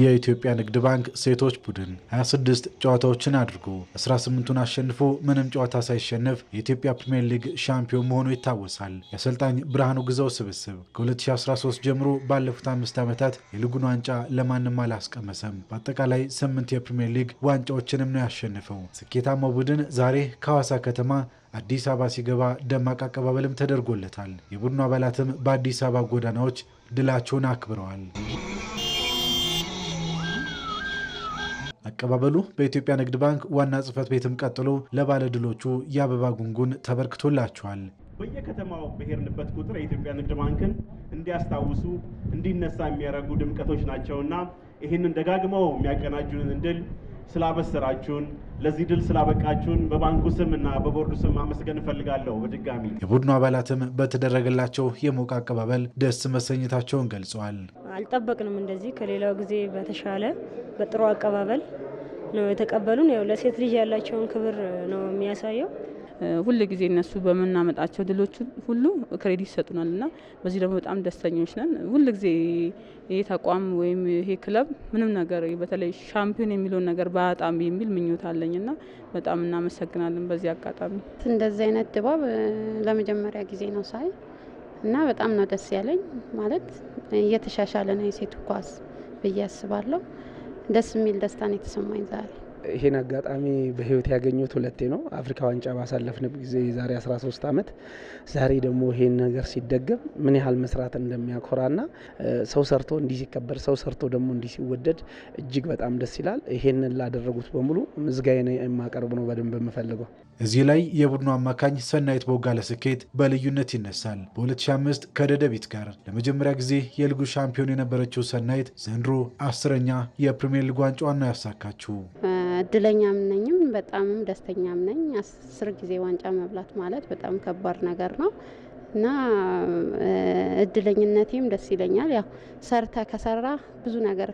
የኢትዮጵያ ንግድ ባንክ ሴቶች ቡድን 26 ጨዋታዎችን አድርጎ 18ቱን አሸንፎ ምንም ጨዋታ ሳይሸነፍ የኢትዮጵያ ፕሪምየር ሊግ ሻምፒዮን መሆኑ ይታወሳል። የአሰልጣኝ ብርሃኑ ግዛው ስብስብ ከ2013 ጀምሮ ባለፉት አምስት ዓመታት የሊጉን ዋንጫ ለማንም አላስቀመሰም። በአጠቃላይ ስምንት የፕሪምየር ሊግ ዋንጫዎችንም ነው ያሸንፈው። ስኬታማው ቡድን ዛሬ ከሐዋሳ ከተማ አዲስ አበባ ሲገባ ደማቅ አቀባበልም ተደርጎለታል። የቡድኑ አባላትም በአዲስ አበባ ጎዳናዎች ድላቸውን አክብረዋል። አቀባበሉ በኢትዮጵያ ንግድ ባንክ ዋና ጽፈት ቤትም ቀጥሎ ለባለድሎቹ የአበባ ጉንጉን ተበርክቶላቸዋል። በየከተማው በሄድንበት ቁጥር የኢትዮጵያ ንግድ ባንክን እንዲያስታውሱ እንዲነሳ የሚያደርጉ ድምቀቶች ናቸውና ይህንን ደጋግመው የሚያቀናጁንን ድል ስላበሰራችሁን ለዚህ ድል ስላበቃችሁን በባንኩ ስም እና በቦርዱ ስም ማመስገን እፈልጋለሁ። በድጋሚ የቡድኑ አባላትም በተደረገላቸው የሞቀ አቀባበል ደስ መሰኘታቸውን ገልጸዋል። አልጠበቅንም። እንደዚህ ከሌላው ጊዜ በተሻለ በጥሩ አቀባበል ነው የተቀበሉን። ያው ለሴት ልጅ ያላቸውን ክብር ነው የሚያሳየው። ሁል ጊዜ እነሱ በምናመጣቸው ድሎች ሁሉ ክሬዲት ይሰጡናል እና በዚህ ደግሞ በጣም ደስተኞች ነን። ሁል ጊዜ ይሄ ተቋም ወይም ይሄ ክለብ ምንም ነገር በተለይ ሻምፒዮን የሚለውን ነገር በጣም የሚል ምኞት አለኝ እና በጣም እናመሰግናለን። በዚህ አጋጣሚ እንደዚህ አይነት ድባብ ለመጀመሪያ ጊዜ ነው ሳይ እና በጣም ነው ደስ ያለኝ። ማለት እየተሻሻለ ነው የሴቱ ኳስ ብዬ አስባለሁ። ደስ የሚል ነው የተሰማኝ ዛሬ ይሄን አጋጣሚ በህይወት ያገኘሁት ሁለቴ ነው። አፍሪካ ዋንጫ ባሳለፍን ጊዜ የዛሬ 13 ዓመት፣ ዛሬ ደግሞ ይሄን ነገር ሲደገም ምን ያህል መስራት እንደሚያኮራና ሰው ሰርቶ እንዲህ ሲከበር፣ ሰው ሰርቶ ደግሞ እንዲህ ሲወደድ እጅግ በጣም ደስ ይላል። ይሄንን ላደረጉት በሙሉ ምዝጋዬን የማቀርብ ነው በደንብ የምፈልገው። እዚህ ላይ የቡድኑ አማካኝ ሰናይት ቦጋለ ስኬት በልዩነት ይነሳል። በ2005 ከደደቢት ጋር ለመጀመሪያ ጊዜ የልጉ ሻምፒዮን የነበረችው ሰናይት ዘንድሮ አስረኛ የፕሪምየር ሊግ ዋንጫዋን ነው ያሳካችው። እድለኛም ነኝም በጣምም ደስተኛም ነኝ። አስር ጊዜ ዋንጫ መብላት ማለት በጣም ከባድ ነገር ነው እና እድለኝነቴም ደስ ይለኛል። ያው ሰርተ ከሰራ ብዙ ነገር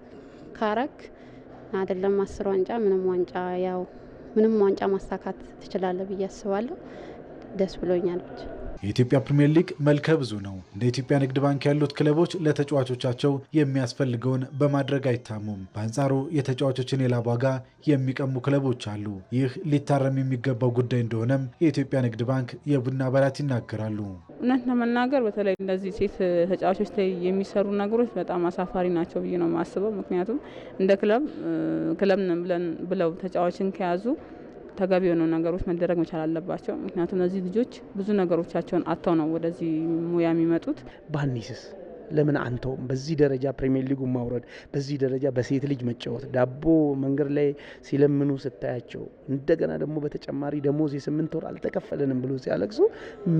ካረክ አይደለም አስር ዋንጫ ምንም ዋንጫ ያው ምንም ዋንጫ ማሳካት ትችላለህ ብዬ አስባለሁ። ደስ ብሎኛል። የኢትዮጵያ ፕሪምየር ሊግ መልከ ብዙ ነው። እንደ ኢትዮጵያ ንግድ ባንክ ያሉት ክለቦች ለተጫዋቾቻቸው የሚያስፈልገውን በማድረግ አይታሙም። በአንጻሩ የተጫዋቾችን የላብ ዋጋ የሚቀሙ ክለቦች አሉ። ይህ ሊታረም የሚገባው ጉዳይ እንደሆነም የኢትዮጵያ ንግድ ባንክ የቡድን አባላት ይናገራሉ። እውነት ለመናገር በተለይ እንደዚህ ሴት ተጫዋቾች ላይ የሚሰሩ ነገሮች በጣም አሳፋሪ ናቸው ብዬ ነው የማስበው። ምክንያቱም እንደ ክለብ ክለብ ብለን ብለው ተጫዋችን ከያዙ ተገቢ የሆኑ ነገሮች መደረግ መቻል አለባቸው። ምክንያቱም እነዚህ ልጆች ብዙ ነገሮቻቸውን አጥተው ነው ወደዚህ ሙያ የሚመጡት። ባኒስስ ለምን አንተውም? በዚህ ደረጃ ፕሪሚየር ሊጉ ማውረድ፣ በዚህ ደረጃ በሴት ልጅ መጫወት፣ ዳቦ መንገድ ላይ ሲለምኑ ስታያቸው፣ እንደገና ደግሞ በተጨማሪ ደሞዝ የስምንት ወር አልተከፈለንም ብሎ ሲያለቅሱ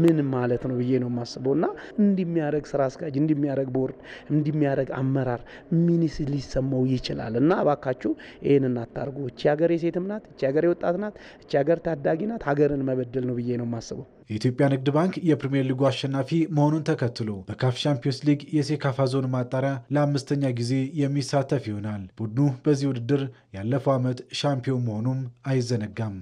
ምን ማለት ነው ብዬ ነው የማስበው። እና እንዲሚያደረግ ስራ አስኪያጅ፣ እንዲሚያደረግ ቦርድ፣ እንዲሚያደረግ አመራር ሚኒስ ሊሰማው ይችላል። እና እባካችሁ ይህን እናታርጉ። እቺ ሀገር የሴትም ናት፣ እቺ ሀገር የወጣት ናት፣ እቺ ሀገር ታዳጊ ናት። ሀገርን መበደል ነው ብዬ ነው የማስበው። የኢትዮጵያ ንግድ ባንክ የፕሪምየር ሊጉ አሸናፊ መሆኑን ተከትሎ በካፍ ቻምፒዮንስ ሊግ የሴካፋ ዞን ማጣሪያ ለአምስተኛ ጊዜ የሚሳተፍ ይሆናል። ቡድኑ በዚህ ውድድር ያለፈው ዓመት ሻምፒዮን መሆኑም አይዘነጋም።